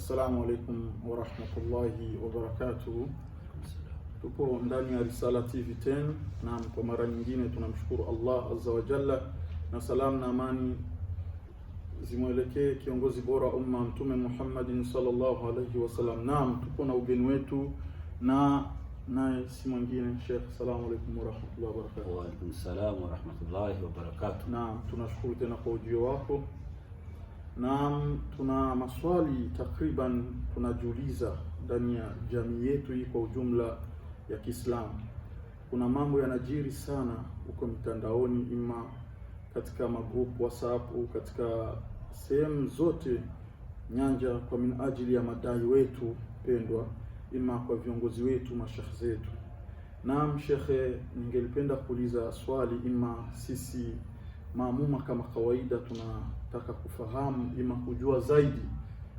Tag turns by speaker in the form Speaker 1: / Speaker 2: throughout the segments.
Speaker 1: Assalamu alaikum warahmatullahi wabarakatuh Tupo ndani ya Risala TV 10 na kwa mara nyingine tunamshukuru Allah azza wa jalla, na salamu na amani zimwelekee kiongozi bora umma Mtume Muhammadin sallallahu alaihi wasallam. Naam, tupo na ugeni wetu na naye si mwingine Sheikh. Assalamu alaikum warahmatullahi wabarakatuh.
Speaker 2: Wa alaikum salam warahmatullahi wabarakatuh.
Speaker 1: Naam, tunashukuru tena kwa ujio wako Naam, tuna maswali takriban tunajiuliza ndani ya jamii yetu hii kwa ujumla ya Kiislamu. Kuna mambo yanajiri sana huko mitandaoni, ima katika magrupu WhatsApp, katika sehemu zote nyanja, kwa minajili ya madai wetu pendwa, ima kwa viongozi wetu, mashekhe zetu. Naam shekhe, ningelipenda kuuliza swali, ima sisi maamuma kama kawaida, tunataka kufahamu ima kujua zaidi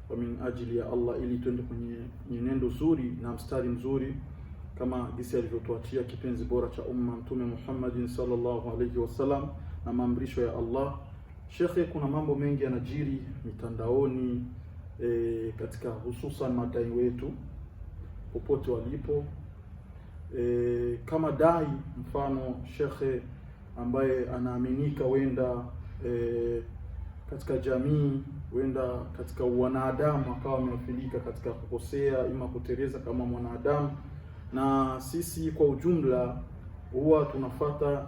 Speaker 1: kwa min ajili ya Allah, ili tuende kwenye nyenendo zuri na mstari mzuri kama jinsi alivyotuachia kipenzi bora cha umma Mtume Muhammad sallallahu alayhi wasallam na maamrisho ya Allah. Shekhe, kuna mambo mengi yanajiri mitandaoni e, katika hususan madai wetu popote walipo e, kama dai mfano shekhe ambaye anaaminika wenda e, eh, katika jamii wenda katika wanadamu akawa amefilika katika kukosea ima kuteleza kama mwanadamu. Na sisi kwa ujumla huwa tunafata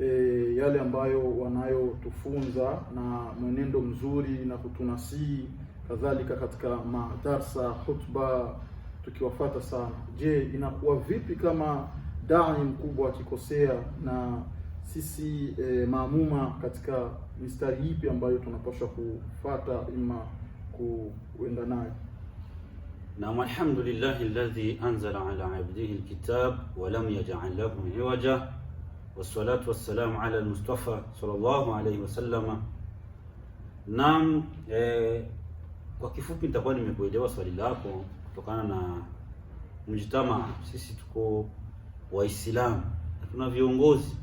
Speaker 1: e, eh, yale ambayo wanayotufunza na mwenendo mzuri na kutunasii kadhalika katika madarsa hutba tukiwafata sana. Je, inakuwa vipi kama dai mkubwa akikosea na sisi e, maamuma katika mistari ipi ambayo tunapaswa kufata ima kuenda nayo.
Speaker 2: Naam, alhamdulillah alladhi anzala ala abdihi alkitab wa lam yaj'al lahu iwaja wassalatu wassalamu ala almustafa sallallahu alayhi wasallam. nam e, eh, kwa kifupi nitakuwa nimekuelewa swali lako kutokana na mjitama, sisi tuko Waislamu na tuna viongozi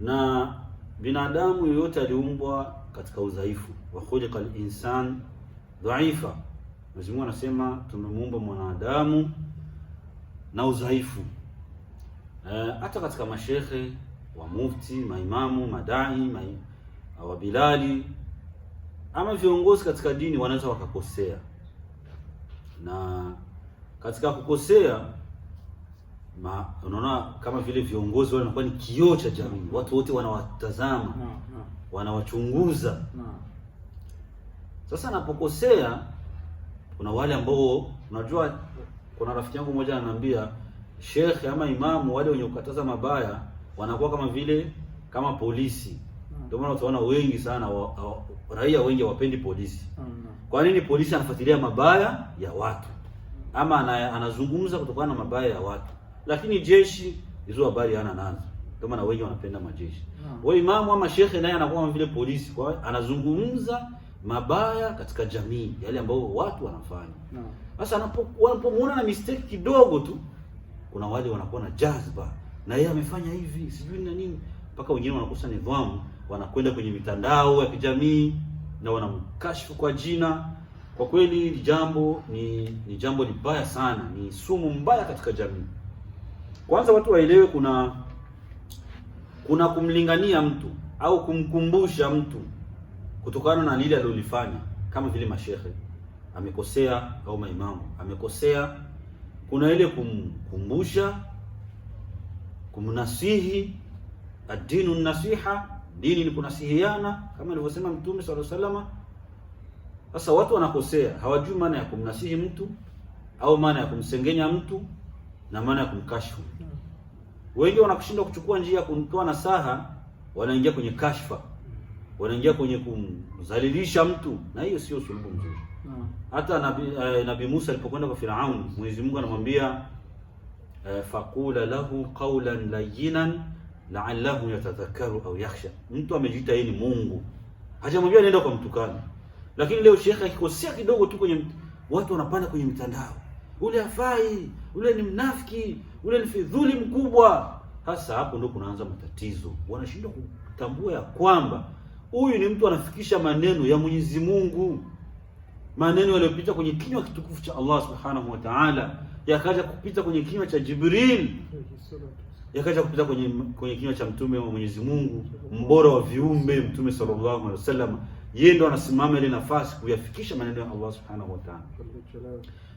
Speaker 2: na binadamu yoyote aliumbwa katika udhaifu, wa khuliqa al-insan dhaifa. Mwenyezi Mungu anasema tumemuumba mwanadamu na udhaifu. Eh, hata e, katika mashehe wa mufti, maimamu, madai mai, wabilali ama viongozi katika dini wanaweza wakakosea, na katika kukosea ma unaona kama vile viongozi wale wanakuwa ni kioo cha jamii no. Mm. Watu wote wanawatazama no, mm, no. Mm. Wanawachunguza no. Sasa napokosea, kuna wale ambao unajua, kuna rafiki yangu mmoja ananiambia, shekhe ama imamu wale wenye kukataza mabaya wanakuwa kama vile kama polisi. Ndio maana utaona wengi sana wa, wa, raia wengi hawapendi polisi. Kwa nini? Polisi anafuatilia mabaya ya watu ama anazungumza kutokana na mabaya ya watu lakini jeshi hizo habari hana nazo, ndio maana wengi wanapenda majeshi. Ah. Kwa hiyo imamu ama shekhe naye anakuwa kama vile polisi, kwa hiyo anazungumza mabaya katika jamii, yale ambayo watu wanafanya. Ah. Sasa wanapomuona na mistake kidogo tu, kuna wale wanakuwa na jazba, na yeye amefanya hivi sijui na nini, mpaka wengine wanakosa nidhamu, wanakwenda kwenye mitandao ya kijamii na wanamkashifu kwa jina. Kwa kweli jambo ni, ni jambo libaya sana, ni sumu mbaya katika jamii. Kwanza watu waelewe kuna kuna kumlingania mtu au kumkumbusha mtu kutokana na lile alilofanya, kama vile mashehe amekosea au maimamu amekosea, kuna ile kumkumbusha, kumnasihi. Adinu nasiha, dini ni kunasihiana, kama alivyosema Mtume sala salama. Sasa watu wanakosea, hawajui maana ya kumnasihi mtu au maana ya kumsengenya mtu na maana ya kumkashfu. Wengi wanakushindwa kuchukua njia ya kumtoa nasaha, wanaingia kwenye kashfa, wanaingia kwenye kumdhalilisha mtu, na hiyo sio suluhu nzuri. Hmm. Hata nabii eh, nabi Musa alipokwenda kwa Firauni, Mwenyezi Mungu anamwambia eh, faqula lahu qawlan layyinan la'allahu yatadhakkaru au yakhsha. Mtu amejiita yeye ni Mungu, hajamwambia nenda kwa mtukano. Lakini leo shekhe akikosea kidogo tu kwenye watu wanapanda kwenye mitandao ule hafai, ule ni mnafiki, ule ni fidhuli mkubwa. Hasa hapo ndio kunaanza matatizo, wanashindwa kutambua ya kwamba huyu ni mtu anafikisha maneno ya Mwenyezi Mungu, maneno yaliyopita kwenye kinywa kitukufu cha Allah Subhanahu wa Ta'ala, yakaja kupita kwenye kinywa cha Jibril, yakaja kupita kwenye kwenye kinywa cha mtume wa Mwenyezi Mungu, mbora wa viumbe, Mtume sallallahu alaihi wasallam. Yeye ndo anasimama ile nafasi kuyafikisha maneno ya Allah Subhanahu wa Ta'ala.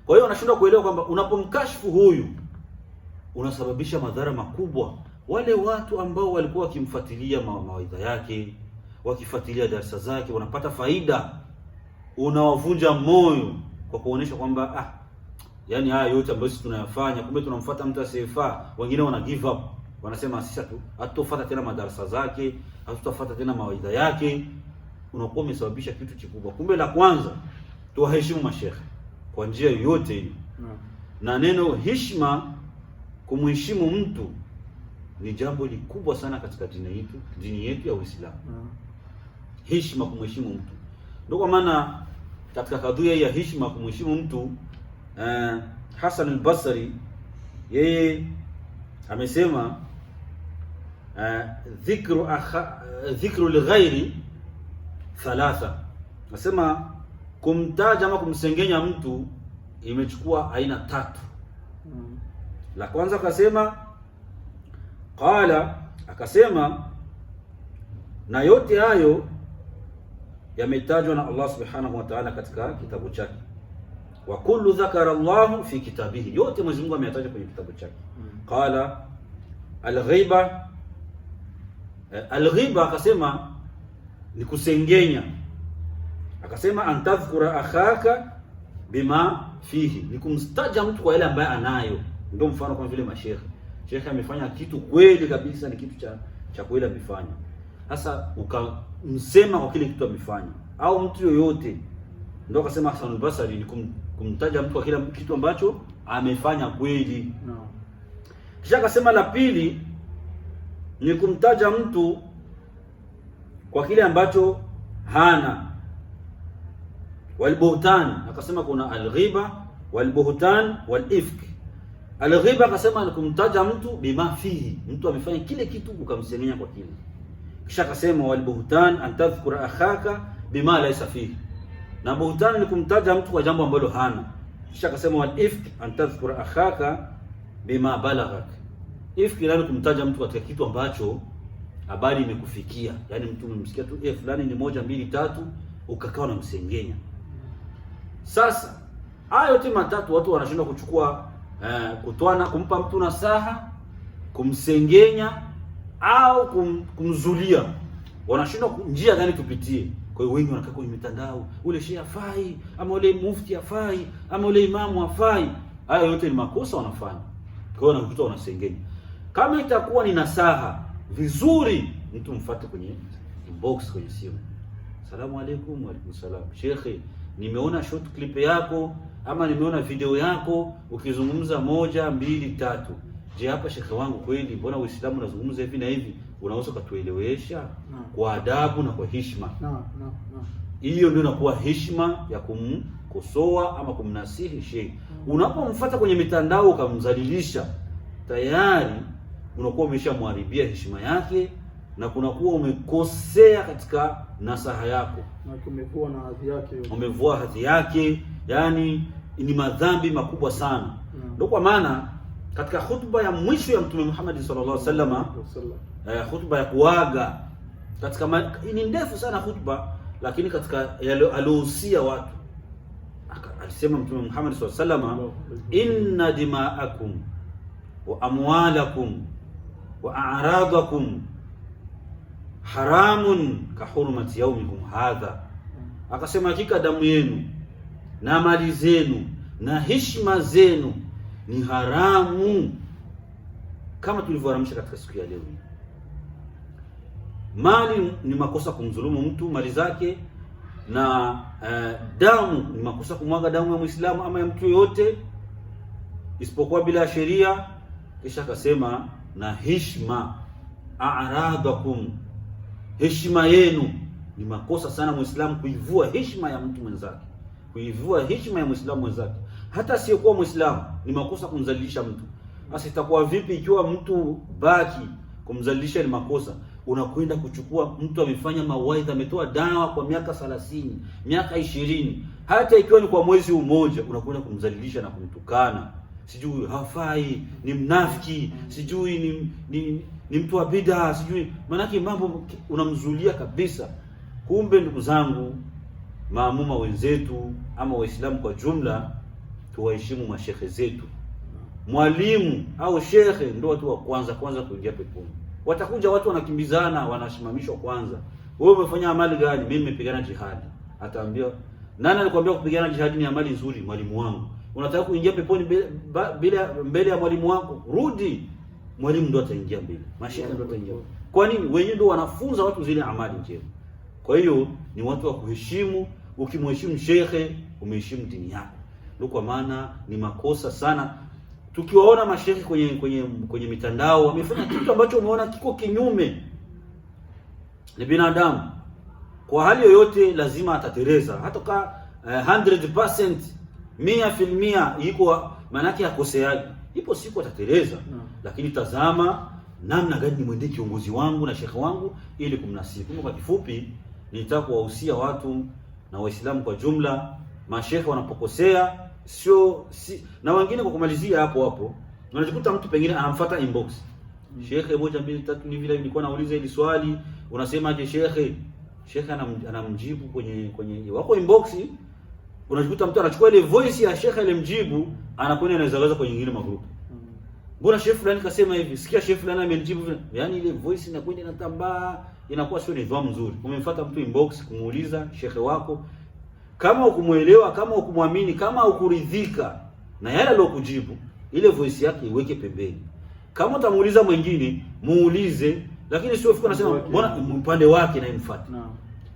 Speaker 2: Kwa hiyo anashindwa kuelewa kwamba unapomkashfu huyu unasababisha madhara makubwa. Wale watu ambao walikuwa wakimfuatilia mawaidha yake, wakifuatilia darasa zake, wanapata faida, unawavunja moyo kwa kuonesha kwamba ah, yani haya yote ambayo sisi tunayafanya, kumbe tunamfuata mtu asiyefaa. Wengine wana give up, wanasema sisi hatutafuata tena madarasa zake, hatutafuata tena mawaidha yake. Unakuwa umesababisha kitu kikubwa. Kumbe la kwanza, tuwaheshimu mashekhe kwa njia yoyote hiyo Na neno heshima, kumheshimu mtu ni jambo likubwa sana katika dini yetu, dini yetu ya Uislamu Heshima, kumheshimu mtu, ndio kwa maana katika kadhia ya heshima, kumheshimu mtu eh, Hasan al-Basri yeye amesema eh, dhikru, dhikru lighairi thalatha, nasema kumtaja ama kumsengenya mtu imechukua aina tatu. Mm. La kwanza akasema, qala, akasema na yote hayo yametajwa na Allah subhanahu wa ta'ala katika kitabu chake, wa kullu dhakara Allahu fi kitabihi, yote Mwenyezi Mungu ameyataja kwenye kitabu chake. Mm. Qala alghiba, eh, alghiba akasema ni kusengenya Akasema antadhkura akhaka bima fihi, ni kumstaja mtu kwa yale ambaye anayo. Ndio mfano kama vile mashekhe, shekhe amefanya kitu kweli kabisa, ni kitu cha cha kweli amefanya. Sasa ukamsema kwa kile kitu amefanya, au mtu yoyote. Ndio akasema Hasan al-Basri ni kum, kumtaja mtu kwa kile kitu ambacho amefanya kweli no. Kisha akasema la pili ni kumtaja mtu kwa kile ambacho hana walbuhtan, akasema kuna alghiba walbuhtan walifk. Alghiba akasema ni kumtaja mtu bima fihi, mtu amefanya kile kitu ukamsemea kwa kile. Kisha akasema walbuhtan an akhaka bima laysa fihi, na buhtan ni kumtaja mtu kwa jambo ambalo hana. Kisha akasema walifk an akhaka bima balaghak, ifk ni kumtaja mtu katika kitu ambacho habari imekufikia, yani mtu umemsikia tu eh, fulani ni moja mbili tatu, ukakawa na msengenya sasa haya yote matatu watu wanashindwa kuchukua eh, kutwana, kumpa mtu nasaha, kumsengenya au kum, kumzulia. Wanashindwa njia gani tupitie? Kwa hiyo wengi wanakaa kwenye mitandao, ule shehe afai, ama ule mufti afai, ama ule imamu afai. Haya yote ni makosa wanafanya. Kwa hiyo wanakuta wanasengenya. Kama itakuwa ni nasaha vizuri, mtu mfate kwenye inbox kwenye simu, salamu alaikum, wa salam shekhe nimeona short clip yako ama nimeona video yako ukizungumza moja mbili tatu. Je, hapa shekhe wangu, kweli mbona Uislamu unazungumza hivi na hivi? Unaweza ukatuelewesha no. kwa adabu na kwa heshima no, no, hiyo no. ndio inakuwa heshima ya kumkosoa ama kumnasihi shehe no. Mm. Unapomfuata kwenye mitandao ukamdhalilisha, tayari unakuwa umeshamharibia heshima yake na kuna kuwa umekosea katika nasaha yako, umevua hadhi yake, yani ni madhambi makubwa sana. Hmm. Ndio kwa maana katika hutuba ya mwisho ya Mtume Muhammad sallallahu alaihi wasallam, eh, hutuba ya kuaga katika ni ndefu sana hutuba, lakini katika aliohusia watu alisema Mtume Muhammad sallallahu alaihi wasallam, inna dima'akum wa amwalakum wa a'radakum haramun kahurmati yaumikum hadha, akasema hakika damu yenu na mali zenu na heshima zenu ni haramu kama tulivyoharamisha katika siku ya leo. Mali ni makosa kumdhulumu mtu mali zake, na uh, damu ni makosa kumwaga damu ya Muislamu ama ya mtu yoyote isipokuwa bila sheria. Kisha akasema na heshima, a'radakum heshima yenu. Ni makosa sana Muislamu kuivua heshima ya mtu mwenzake, kuivua heshima ya Muislamu mwenzake, hata asiyekuwa Muislamu. Ni makosa kumzalilisha mtu. Sasa itakuwa vipi ikiwa mtu baki kumzalilisha ni makosa? Unakwenda kuchukua mtu amefanya mawaidha, ametoa dawa kwa miaka 30 miaka ishirini, hata ikiwa ni kwa mwezi mmoja, unakwenda kumzalilisha na kumtukana sijui hafai, ni mnafiki, sijui ni, ni, ni mtu wa bid'a, sijui maanake mambo unamzulia kabisa. Kumbe ndugu zangu, maamuma wenzetu ama Waislamu kwa jumla, tuwaheshimu mashehe zetu. Mwalimu au shekhe ndio watu wa kwanza kwanza kuingia peponi. Watakuja watu wanakimbizana, wanasimamishwa kwanza, wewe umefanya amali gani? Mimi nimepigana jihadi. Ataambia nani alikwambia kupigana jihadi ni amali nzuri? Mwalimu wangu. Unataka kuingia peponi bila mbele ya mwalimu wako, rudi. Mwalimu ndo ataingia mbele, mashaka ndo ataingia. Kwa nini? Wenyewe ndo wanafunza watu zile amali njema. Kwa hiyo ni watu wa kuheshimu. Ukimheshimu shekhe, umeheshimu dini yako. Ndio kwa maana ni makosa sana tukiwaona mashekhe kwenye kwenye kwenye mitandao wamefanya kitu ambacho umeona kiko kinyume. Ni binadamu, kwa hali yoyote lazima atatereza, hata ka 100% eh, mia fil iko maanake akoseaji, ipo siku atateleza no. Lakini tazama namna gani nimwendee kiongozi wangu na shekhe wangu ili kumnasibu. Kwa kifupi, nitaka kuwahusia watu na Waislamu kwa jumla, mashekhe wanapokosea sio si, na wengine kwa kumalizia hapo hapo, unajikuta mtu pengine anamfuata inbox mm. Shekhe moja mbili tatu, ni vile nilikuwa nauliza hili swali, unasemaje shekhe? Shekhe anam, anamjibu kwenye kwenye wako inbox unajikuta mtu anachukua ile voice ya shekhe ile mjibu, anakwenda anaweza kwa nyingine magrupu. Mbona shekhe fulani kasema hivi? Sikia shekhe fulani amenijibu fulani. Yaani ile voice inakwenda inatambaa, inakuwa sio nidhamu nzuri. Umemfuata mtu inbox kumuuliza shekhe wako kama ukumuelewa, kama ukumwamini, kama ukuridhika na yale aliyokujibu, ile voice yake iweke pembeni. Kama utamuuliza mwingine, muulize, lakini sio fika nasema mbona upande wake na imfuate.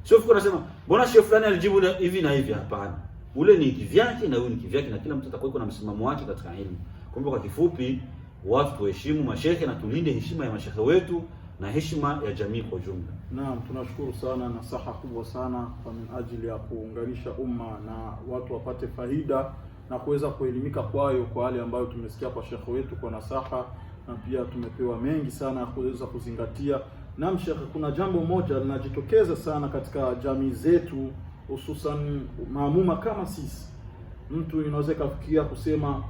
Speaker 2: Sio fika nasema mbona shekhe fulani alijibu hivi na hivi, hapana ule ni kivyake na huyu ni kivyake, na kila mtu atakuwa na msimamo wake katika elimu. Kumbe kwa kifupi, watu tuheshimu mashehe na tulinde heshima ya mashehe wetu na heshima ya jamii kwa jumla.
Speaker 1: Naam, tunashukuru sana, nasaha kubwa sana kwa ajili ya kuunganisha umma na watu wapate faida na kuweza kuelimika kwayo, kwa yale ambayo tumesikia kwa shekhe wetu kwa nasaha, na pia tumepewa mengi sana ya kuweza kuzingatia. Naam shekhe, kuna jambo moja linajitokeza sana katika jamii zetu hususan maamuma kama sisi, mtu inaweza ikafikia kusema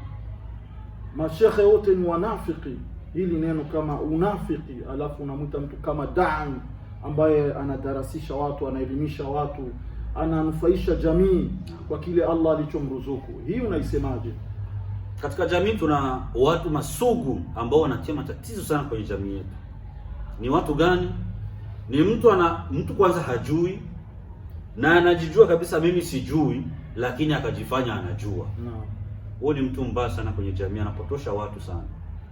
Speaker 1: mashekhe wote ni wanafiki, hili neno kama unafiki, alafu unamwita mtu kama dai ambaye anadarasisha watu, anaelimisha watu, ananufaisha jamii kwa kile Allah alichomruzuku. Hii unaisemaje?
Speaker 2: Katika jamii tuna watu masugu ambao wanatia matatizo sana kwenye jamii yetu. Ni watu gani? Ni mtu ana mtu kwanza hajui na anajijua kabisa, mimi sijui, lakini akajifanya anajua. no. ni mtu mbaya sana kwenye jamii, anapotosha watu sana.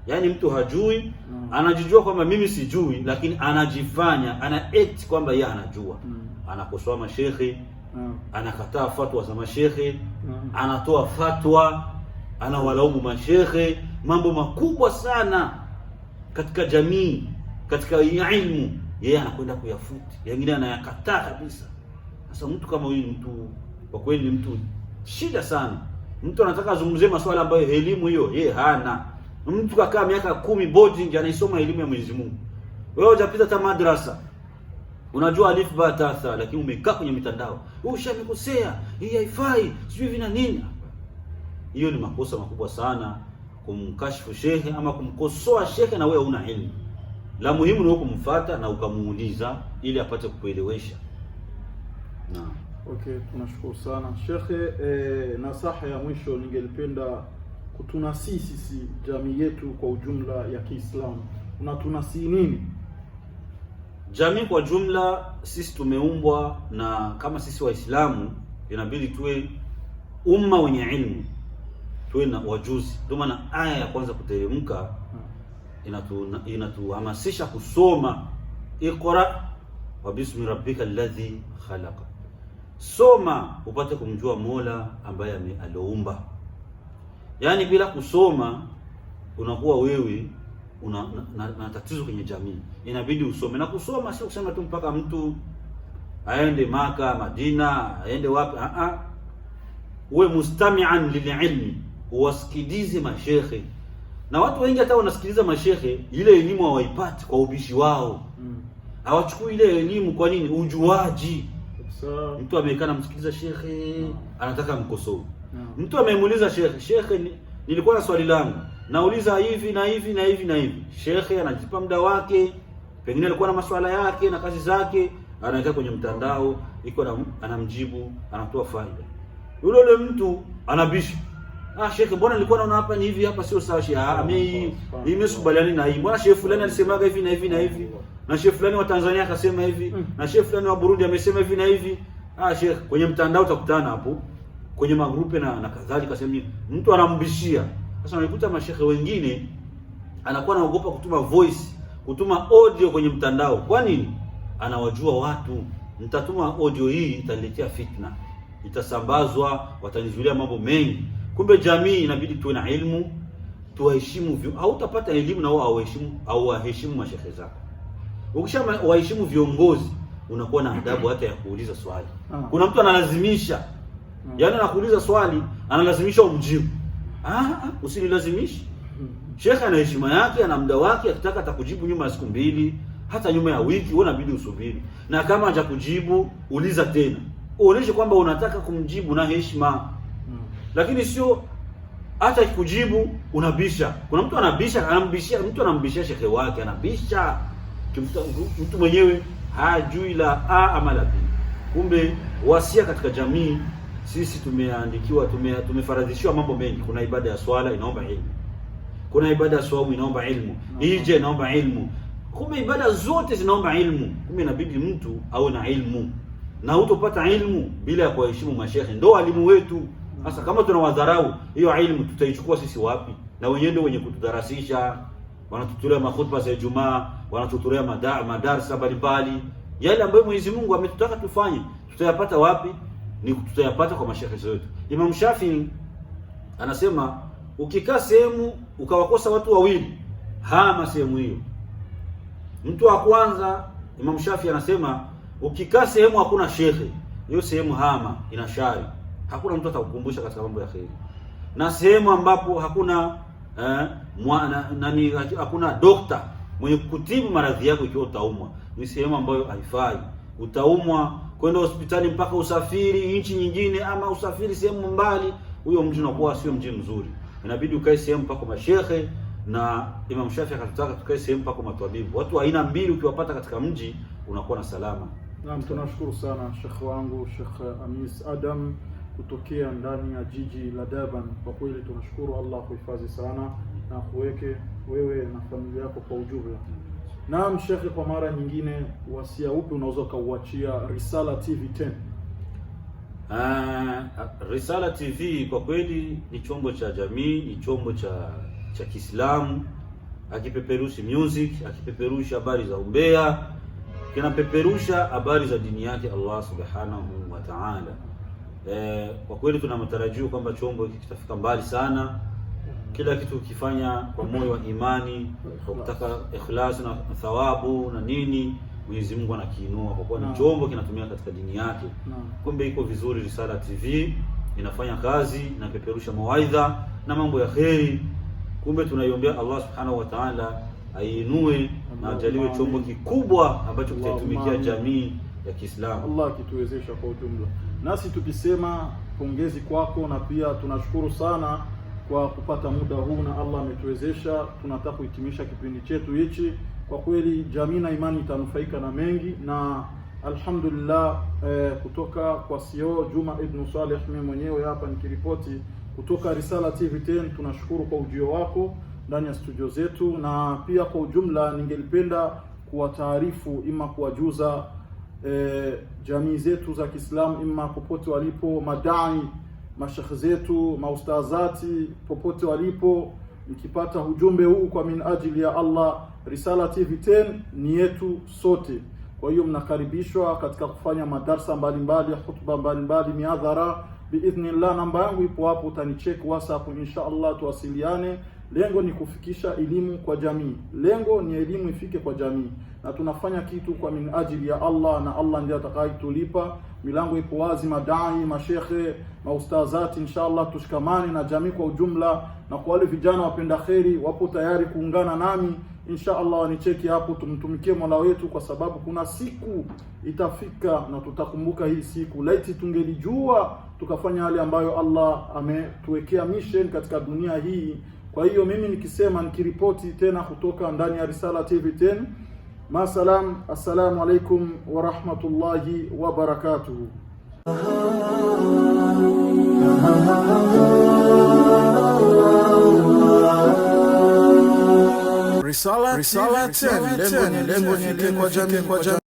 Speaker 2: Yaani mtu hajui no. Anajijua kwamba mimi sijui, lakini anajifanya ana act kwamba yeye anajua no. Anakosoa mashehe no. Anakataa fatwa za mashehe no. Anatoa fatwa, anawalaumu mashehe mambo makubwa sana katika jamii, katika ilmu, yeye anakwenda kuyafuti, yengine anayakataa kabisa. Sasa mtu kama huyu ni mtu kwa kweli, ni mtu shida sana. Mtu anataka azungumzie masuala ambayo elimu hiyo yeye hana. Mtu kakaa miaka kumi boarding anaisoma elimu ya Mwenyezi Mungu, wewe hujapita hata madrasa unajua alif ba ta tha, lakini umekaa kwenye mitandao wewe ushamekosea, hii haifai, sijui vina nini. Hiyo ni makosa makubwa sana, kumkashifu shehe ama kumkosoa shehe na wewe una elimu. La muhimu ni wewe kumfuata na ukamuuliza ili apate kukuelewesha.
Speaker 1: Naam. Okay, tunashukuru sana Shekhe. Eh, nasaha ya mwisho ningelipenda kutunasii sisi jamii yetu kwa ujumla ya Kiislamu, unatunasii nini?
Speaker 2: Jamii kwa jumla, sisi tumeumbwa na kama sisi Waislamu inabidi tuwe umma wenye ilmu, tuwe na wajuzi. Ndio maana aya ya kwanza kuteremka hmm. inatu inatuhamasisha kusoma iqra wa bismi rabbika alladhi khalaqa Soma upate kumjua Mola ambaye alioumba. Yaani bila kusoma unakuwa wewe una na, na, na tatizo kwenye jamii, inabidi usome. Na kusoma sio kusema tu mpaka mtu aende Maka, Madina, aende wapi. A, ah, ah. uwe mustamian lililmi, uwasikilize mashehe Na watu wengi hata wanasikiliza mashekhe, ile elimu hawaipati kwa ubishi wao, mm. hawachukui ile elimu. Kwa nini? Ujuaji Mtu amekaa namsikiliza shekhe anataka mkosoe Mtu amemuuliza shekhe, shekhe, nilikuwa na swali langu nauliza hivi na hivi na hivi na hivi. Shekhe anajipa muda wake, pengine alikuwa na maswala yake na kazi zake, anaweka kwenye mtandao iko na anamjibu, anatoa faida. Yule yule mtu anabisha, ah, shekhe, mbona nilikuwa naona hapa ni hivi, hapa sio sawa. Shekhe, ah, mimi nimesubaliana na hii, mbona shekhe fulani alisemaga hivi na hivi na hivi na shehe fulani wa Tanzania akasema hivi mm. na shehe fulani wa Burundi amesema hivi na hivi. Ah, shehe kwenye mtandao utakutana hapo kwenye magrupe na, na kadhalika sehemu nyingi mtu anambishia. Sasa unakuta mashehe wengine anakuwa anaogopa kutuma voice, kutuma audio kwenye mtandao. Kwa nini? Anawajua watu, nitatuma audio hii italetea fitna, itasambazwa, watanizulia mambo mengi. Kumbe jamii inabidi tuwe na elimu, tuwaheshimu. Hautapata elimu na wao hawaheshimu au waheshimu mashehe zako ukishama waheshimu viongozi, unakuwa na adabu hata ya kuuliza swali. Ah. Kuna mtu analazimisha, ah. yaani anakuuliza swali, analazimisha umjibu. Ah, ah usinilazimishe. Hmm. Sheikh ana heshima yake, ana muda wake, akitaka atakujibu nyuma ya siku mbili, hata nyuma ya wiki, wewe unabidi usubiri. Na kama hajakujibu, uliza tena. Uoneshe kwamba unataka kumjibu na heshima. Hmm. Lakini sio hata kujibu unabisha. Kuna mtu anabisha, anambishia, mtu anambishia shekhe wake, anabisha mtu mwenyewe hajui la a ama la b. Kumbe wasia katika jamii sisi tumeandikiwa, tume, tumefaradhishiwa mambo mengi. Kuna ibada ya swala inaomba ilmu, kuna ibada ya swaumu inaomba ilmu, ije inaomba ilmu. Kumbe ibada zote zinaomba ilmu. Kumbe inabidi mtu awe na ilmu, na hutopata ilmu bila ya kuwaheshimu mashehe, ndo walimu wetu. Sasa kama tunawadharau, hiyo ilmu tutaichukua sisi wapi? Na wenyewe ndio wenye kutudarasisha, wanatutulia mahutba za Ijumaa wanatutolea madarsa mbalimbali. Yale ambayo Mwenyezi Mungu ametutaka tufanye, tutayapata wapi? Ni tutayapata kwa mashekhe zetu. Imam Shafii anasema ukikaa sehemu ukawakosa watu wawili, hama sehemu hiyo. Mtu wa kwanza, Imam Shafii anasema ukikaa sehemu hakuna shekhe, hiyo sehemu hama, ina shari, hakuna mtu atakukumbusha katika mambo ya kheri. Na sehemu ambapo hakuna eh, mwana, nani, hakuna dokta mwenye kutibu maradhi yako ikiwa utaumwa, ni sehemu ambayo haifai. Utaumwa kwenda hospitali mpaka usafiri nchi nyingine, ama usafiri sehemu mbali, huyo mji unakuwa sio mji mzuri. Inabidi ukae sehemu pako mashehe, na Imam Shafi akatutaka tukae sehemu pako matwabibu. Watu aina mbili ukiwapata katika mji unakuwa na salama.
Speaker 1: Naam, tunashukuru sana Sheikh wangu Sheikh Amis Adam kutokea ndani ya jiji la Durban. Kwa kweli tunashukuru Allah kuhifadhi sana na kuweke wewe na familia yako kwa ujumla. Naam shekhe, kwa mara nyingine, wasia upi unaweza ukauachia Risala TV 10?
Speaker 2: Uh, ah, Risala TV kwa kweli ni chombo cha jamii, ni chombo cha cha Kiislamu, akipeperushi music, akipeperusha habari za umbea, kinapeperusha habari za dini yake Allah subhanahu wa ta'ala. Eh, kwa kweli tuna matarajio kwamba chombo hiki kitafika mbali sana kila kitu ukifanya kwa moyo wa imani, kwa kutaka ikhlas na thawabu na nini, Mwenyezi Mungu anakiinua kwa kuwa ni chombo kinatumia katika dini yake. Kumbe iko vizuri, Risala TV inafanya kazi, inapeperusha mawaidha na mambo ya kheri. Kumbe tunaiombea Allah subhanahu wa ta'ala ainue na ajaliwe chombo kikubwa ambacho kitaitumikia jamii ya Kiislamu.
Speaker 1: Allah akituwezesha kwa ujumla, nasi tukisema pongezi kwako, na pia tunashukuru sana kwa kupata muda huu na Allah ametuwezesha. Tunataka kuhitimisha kipindi chetu hichi. Kwa kweli jamii na imani itanufaika na mengi na alhamdulillah. Eh, kutoka kwa CEO Juma Ibn Saleh, mimi mwenyewe hapa nikiripoti kutoka Risala TV 10, tunashukuru kwa ujio wako ndani ya studio zetu, na pia kwa ujumla ningelipenda kuwataarifu ima kuwajuza eh, jamii zetu za Kiislamu ima popote walipo madai mashekhe zetu, maustazati popote walipo, mkipata ujumbe huu kwa ajili ya Allah, Risala TV 10 ni yetu sote. Kwa hiyo mnakaribishwa katika kufanya madarsa mbalimbali, hutuba mbalimbali, miadhara biidhnillah. Namba yangu ipo hapo, utanicheki WhatsApp insha Allah, tuwasiliane. Lengo ni kufikisha elimu kwa jamii, lengo ni elimu ifike kwa jamii, na tunafanya kitu kwa min ajili ya Allah na Allah ndiye atakayetulipa. Milango ipo wazi, madai, mashekhe, maustazati, inshallah tushikamane na jamii kwa ujumla, na kwa wale vijana wapenda kheri wapo tayari kuungana nami Inshaallah wanicheki hapo, tumtumikie Mola wetu, kwa sababu kuna siku itafika na tutakumbuka hii siku. Laiti tungelijua tukafanya yale ambayo Allah ametuwekea mission katika dunia hii. Kwa hiyo mimi nikisema nikiripoti tena kutoka ndani ya Risala TV 10 masalam, assalamu alaikum wa rahmatullahi wa barakatuhu. Risala, Risala TV, lengo ni lengo, fike kwa jamii.